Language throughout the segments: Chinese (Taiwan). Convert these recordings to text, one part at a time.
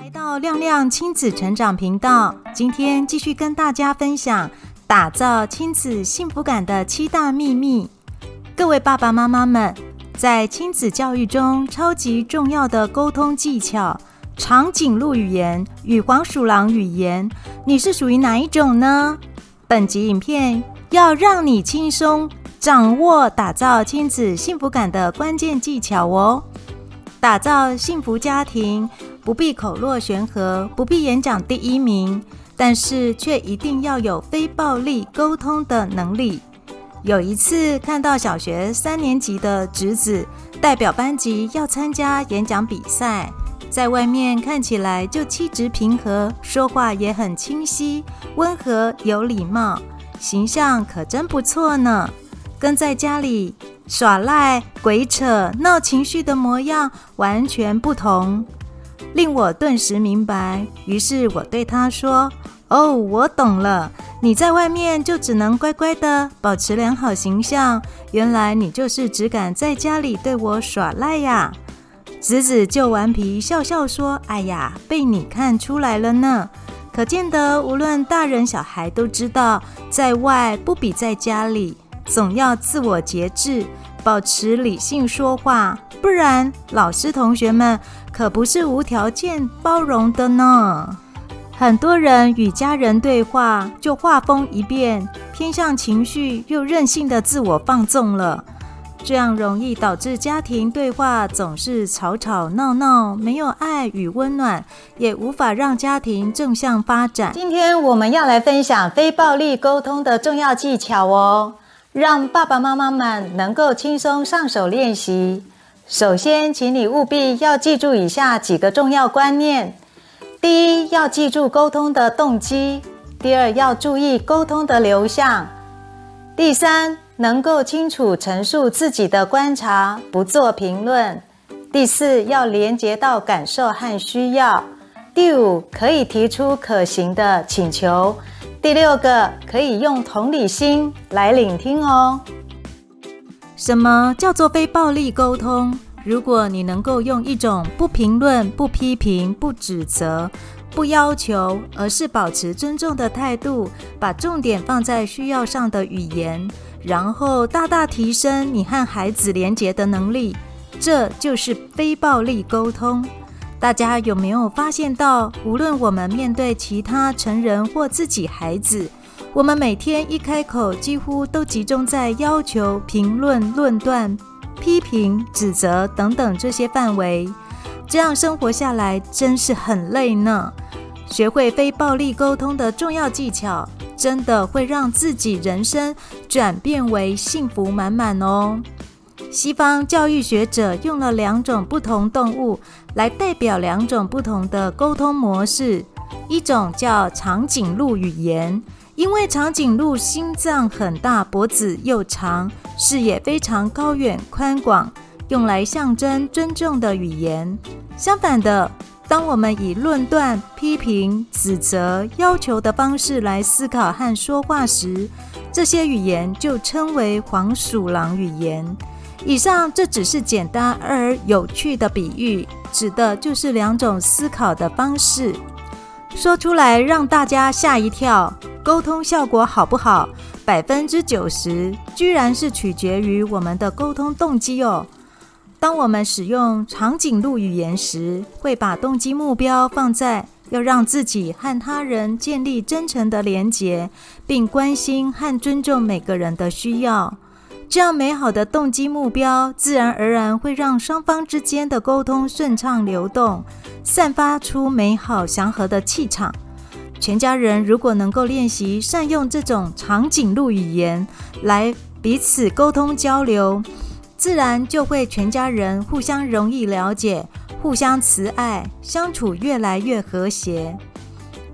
來到亮亮親子成長頻道，今天繼續跟大家分享打造親子幸福感的七大秘密。各位爸爸媽媽們，在親子教育中超級重要的溝通技巧——長頸鹿語言與黃鼠狼語言，你是屬於哪一種呢？本集影片要讓你輕鬆掌握打造親子幸福感的關鍵技巧哦！打造幸福家庭。不必口若懸河，不必演講第一名，但是卻一定要有非暴力溝通的能力。有一次看到小學三年級的侄子代表班級要參加演講比賽，在外面看起來就氣質平和，說話也很清晰、溫和有禮貌，形象可真不錯呢。跟在家裡耍賴、鬼扯、鬧情緒的模樣完全不同。令我頓時明白，於是我對他說：“哦，我懂了，你在外面就只能乖乖的保持良好形象。原來你就是只敢在家裡對我耍賴呀！”姪子就頑皮笑笑說：“哎呀，被你看出來了呢。可見得，無論大人小孩都知道，在外不比在家裡，總要自我節制。”保持理性說話，不然老師同學們可不是無條件包容的呢。很多人與家人對話就畫風一變，偏向情緒又任性的自我放縱了，這樣容易導致家庭對話總是吵吵鬧鬧，沒有愛與溫暖，也無法讓家庭正向發展。今天我們要來分享非暴力溝通的重要技巧哦。讓爸爸媽媽們能夠輕鬆上手練習。首先，請你務必要記住以下幾個重要觀念：第一，要記住溝通的動機；第二，要注意溝通的流向；第三，能夠清楚陳述自己的觀察，不做評論；第四，要連接到感受和需要；第五，可以提出可行的請求。第六個可以用同理心來聆聽哦。什麼叫做非暴力溝通？如果你能夠用一種不評論、不批評、不指責、不要求，而是保持尊重的態度，把重點放在需要上的語言，然後大大提升你和孩子連接的能力，這就是非暴力溝通。大家有沒有發現到，無論我們面對其他成人或自己孩子，我們每天一開口幾乎都集中在要求、評論、論斷、批評、指責等等這些範圍。這樣生活下來真是很累呢。學會非暴力溝通的重要技巧，真的會讓自己人生轉變為幸福滿滿哦。西方教育學者用了兩種不同動物來代表兩種不同的溝通模式，一種叫長頸鹿語言，因為長頸鹿心臟很大，脖子又長，視野非常高遠寬廣，用來象徵尊重的語言。相反的，當我們以論斷、批評、指責、要求的方式來思考和說話時，這些語言就稱為黃鼠狼語言。以上這只是簡單而有趣的比喻，指的就是兩種思考的方式。說出來讓大家嚇一跳，溝通效果好不好？百分之九十居然是取決於我們的溝通動機哦。當我們使用長頸鹿語言時，會把動機目標放在要讓自己和他人建立真誠的連結，並關心和尊重每個人的需要。這樣美好的動機目標，自然而然會讓雙方之間的溝通順暢流動，散發出美好祥和的氣場。全家人如果能夠練習善用這種長頸鹿語言來彼此溝通交流，自然就會全家人互相容易了解，互相慈愛，相處越來越和諧。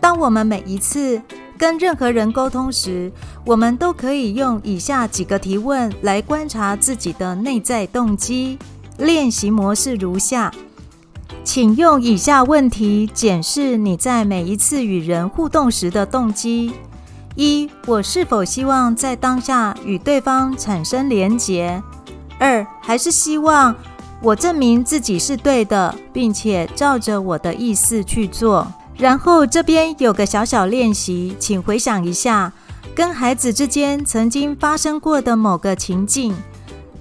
當我們每一次，跟任何人溝通時，我們都可以用以下幾個提問來觀察自己的內在動機。練習模式如下：請用以下問題檢視你在每一次與人互動時的動機：一、我是否希望在當下與對方產生連結？二、還是希望我證明自己是對的，並且照着我的意思去做？然後這邊有個小小練習，請回想一下跟孩子之間曾經發生過的某個情境，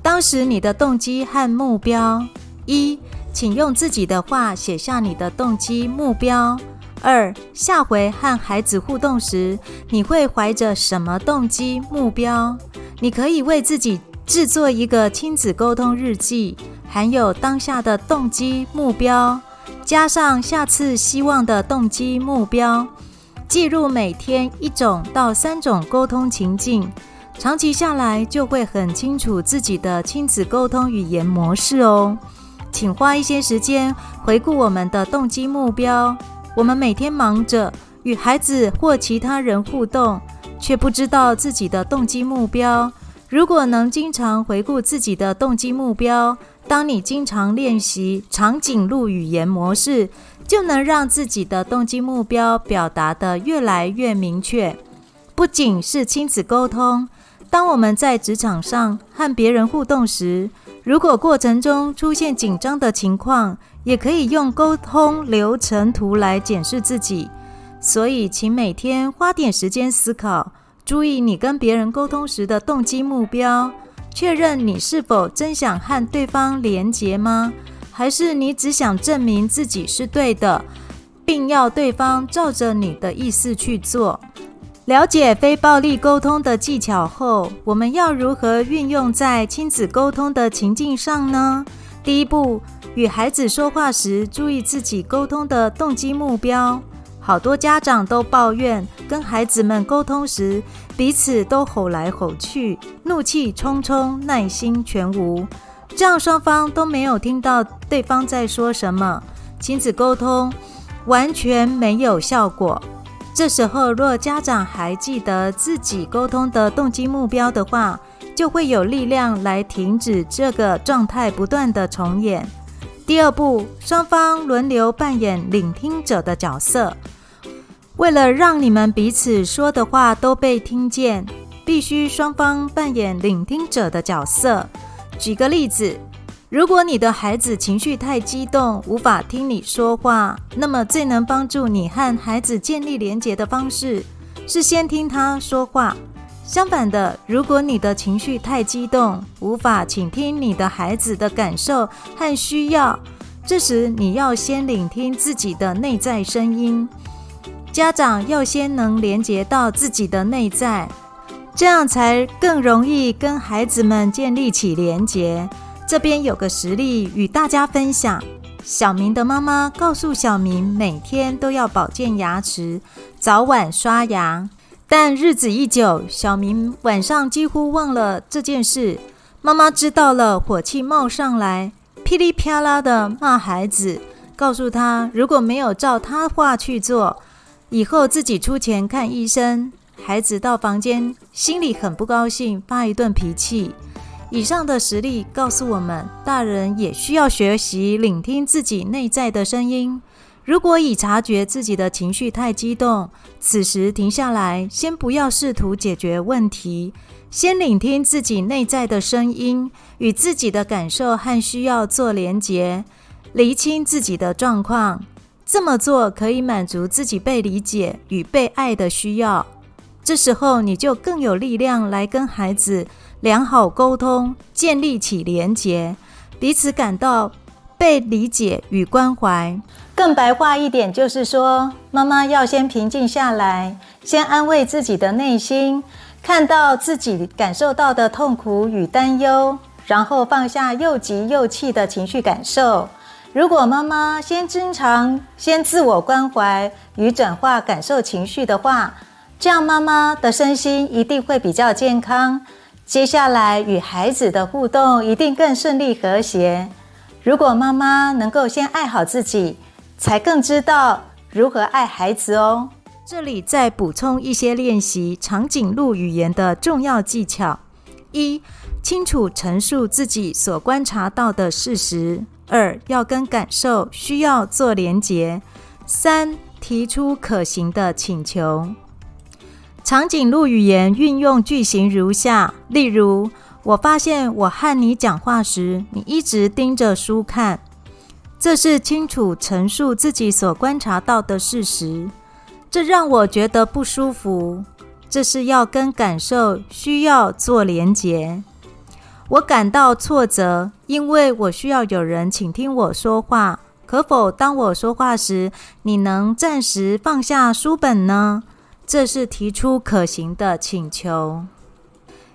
當時你的動機和目標。一，請用自己的話寫下你的動機目標。二，下回和孩子互動時，你會懷着什麼動機目標？你可以為自己制作一個親子溝通日記，含有當下的動機目標。加上下次希望的動機目標，記錄每天一種到三種溝通情境，長期下來就會很清楚自己的親子溝通語言模式哦。請花一些時間回顧我們的動機目標。我們每天忙着與孩子或其他人互動，卻不知道自己的動機目標。如果能經常回顧自己的動機目標，當你經常練習長頸鹿語言模式，就能讓自己的動機目標表達得越來越明確。不僅是親子溝通，當我們在職場上和別人互動時，如果過程中出現緊張的情況，也可以用溝通流程圖來檢視自己。所以，請每天花點時間思考，注意你跟別人溝通時的動機目標。確認你是否真想和對方連結嗎？還是你只想證明自己是對的，並要對方照着你的意思去做？了解非暴力溝通的技巧後，我們要如何運用在親子溝通的情境上呢？第一步，與孩子說話時，注意自己溝通的動機目標。好多家長都抱怨，跟孩子們溝通時彼此都吼來吼去，怒氣沖沖，耐心全無，這樣雙方都沒有聽到對方在說什麼，親子溝通完全沒有效果。這時候，若家長還記得自己溝通的動機目標的話，就會有力量來停止這個狀態不斷的重演。第二步，雙方輪流扮演聆聽者的角色。為了讓你們彼此說的話都被聽見，必須雙方扮演聆聽者的角色。舉個例子，如果你的孩子情緒太激動，無法聽你說話，那麼最能幫助你和孩子建立連接的方式是先聽他說話。相反的，如果你的情緒太激動，無法傾聽你的孩子的感受和需要，這時你要先聆聽自己的內在聲音。家長要先能連接到自己的內在，這樣才更容易跟孩子們建立起連接。這邊有個實例與大家分享：小明的媽媽告訴小明，每天都要保健牙齒，早晚刷牙。但日子一久，小明晚上幾乎忘了這件事。媽媽知道了，火氣冒上來，噼里啪啦的罵孩子，告訴他如果沒有照他話去做。以後自己出錢看醫生，孩子到房間，心裡很不高興，發一頓脾氣。以上的實例告訴我們，大人也需要學習聆聽自己內在的聲音。如果已察覺自己的情緒太激動，此時停下來，先不要試圖解決問題，先聆聽自己內在的聲音，與自己的感受和需要做連結，釐清自己的狀況。這麼做可以滿足自己被理解與被愛的需要，這時候你就更有力量來跟孩子良好溝通，建立起連結，彼此感到被理解與關懷。更白話一點，就是說，媽媽要先平靜下來，先安慰自己的內心，看到自己感受到的痛苦與擔憂，然後放下又急又氣的情緒感受。如果媽媽先經常先自我關懷與轉化感受情緒的話，這樣媽媽的身心一定會比較健康。接下來與孩子的互動一定更順利和諧。如果媽媽能夠先愛好自己，才更知道如何愛孩子哦。這裡再補充一些練習長頸鹿語言的重要技巧：一、清楚陳述自己所觀察到的事實。二要跟感受需要做連接。三提出可行的請求。長頸鹿語言運用句型如下，例如：我發現我和你講話時，你一直盯着書看。這是清楚陳述自己所觀察到的事實，這讓我覺得不舒服。這是要跟感受需要做連接。我感到挫折，因為我需要有人請聽我說話。可否當我說話時，你能暫時放下書本呢？這是提出可行的請求。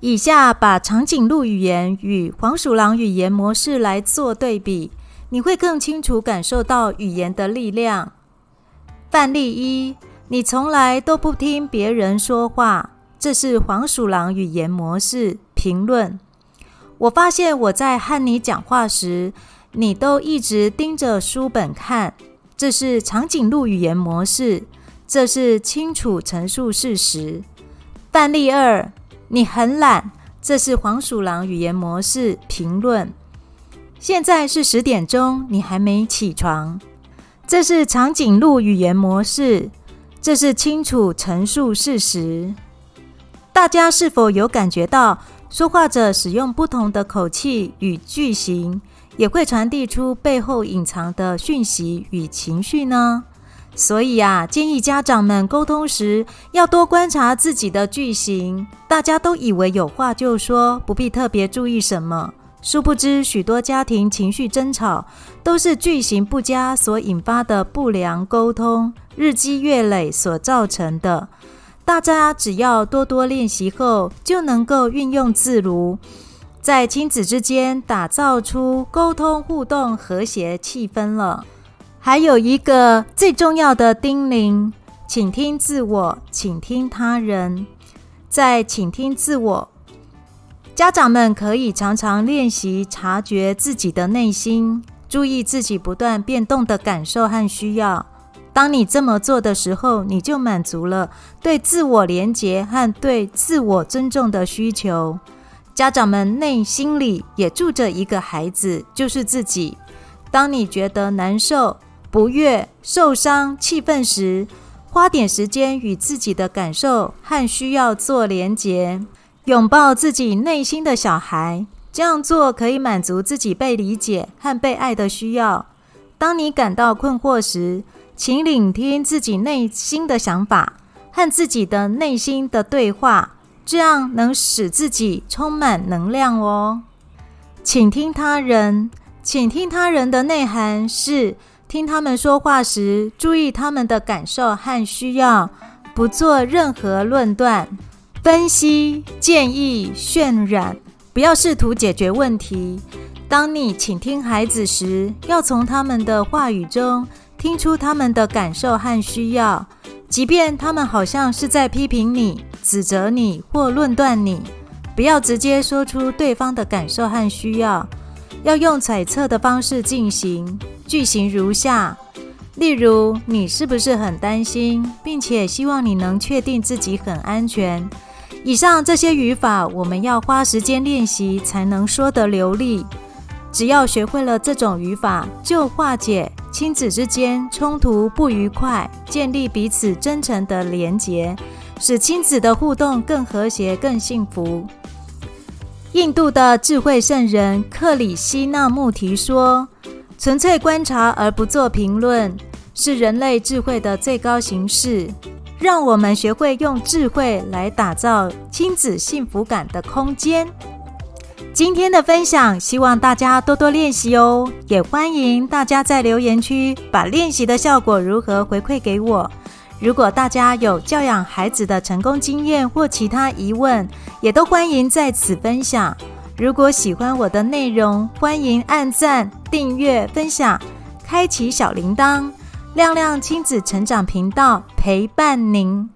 以下把長頸鹿語言與黃鼠狼語言模式來做對比，你會更清楚感受到語言的力量。範例一：你從來都不聽別人說話，這是黃鼠狼語言模式評論。我發現我在和你講話時，你都一直盯着書本看，這是長頸鹿語言模式，這是清楚陳述事實。範例二，你很懶，這是黃鼠狼語言模式評論。現在是十點鐘，你還沒起床，這是長頸鹿語言模式，這是清楚陳述事實。大家是否有感覺到？說話者使用不同的口氣與句型，也會傳遞出背後隱藏的訊息與情緒呢。所以啊，建議家長們溝通時要多觀察自己的句型。大家都以為有話就說，不必特別注意什麼。殊不知，許多家庭情緒爭吵都是句型不佳所引發的不良溝通，日積月累所造成的。大家只要多多練習後，就能夠運用自如，在親子之間打造出溝通互動和諧氣氛了。還有一個最重要的叮嚀，傾聽自我，傾聽他人，再傾聽自我，家長們可以常常練習察覺自己的內心，注意自己不斷變動的感受和需要。當你這麼做的時候，你就滿足了對自我連結和對自我尊重的需求。家長們內心裡也住着一個孩子，就是自己。當你覺得難受、不悅、受傷、氣憤時，花點時間與自己的感受和需要做連結，擁抱自己內心的小孩。這樣做可以滿足自己被理解和被愛的需要。當你感到困惑時，請聆聽自己內心的想法和自己的內心的對話，這樣能使自己充滿能量哦。傾聽他人，傾聽他人的內涵是聽他們說話時，注意他們的感受和需要，不做任何論斷、分析、建議、渲染，不要試圖解決問題。當你傾聽孩子時，要從他們的話語中，聽出他們的感受和需要，即便他們好像是在批評你、指責你或論斷你，不要直接說出對方的感受和需要，要用猜測的方式進行。句型如下：例如，你是不是很擔心，並且希望你能確定自己很安全？以上這些語法，我們要花時間練習才能說得流利。只要學會了這種語法，就化解親子之間衝突不愉快，建立彼此真誠的連結，使親子的互動更和諧、更幸福。印度的智慧聖人克里希那穆提說：“純粹觀察而不做評論，是人類智慧的最高形式。”讓我們學會用智慧來打造親子幸福感的空間。今天的分享，希望大家多多練習哦。也歡迎大家在留言區把練習的效果如何回饋給我。如果大家有教養孩子的成功經驗或其他疑問，也都歡迎在此分享。如果喜歡我的內容，歡迎按讚、訂閱、分享、開啟小鈴鐺。亮亮親子成長頻道陪伴您。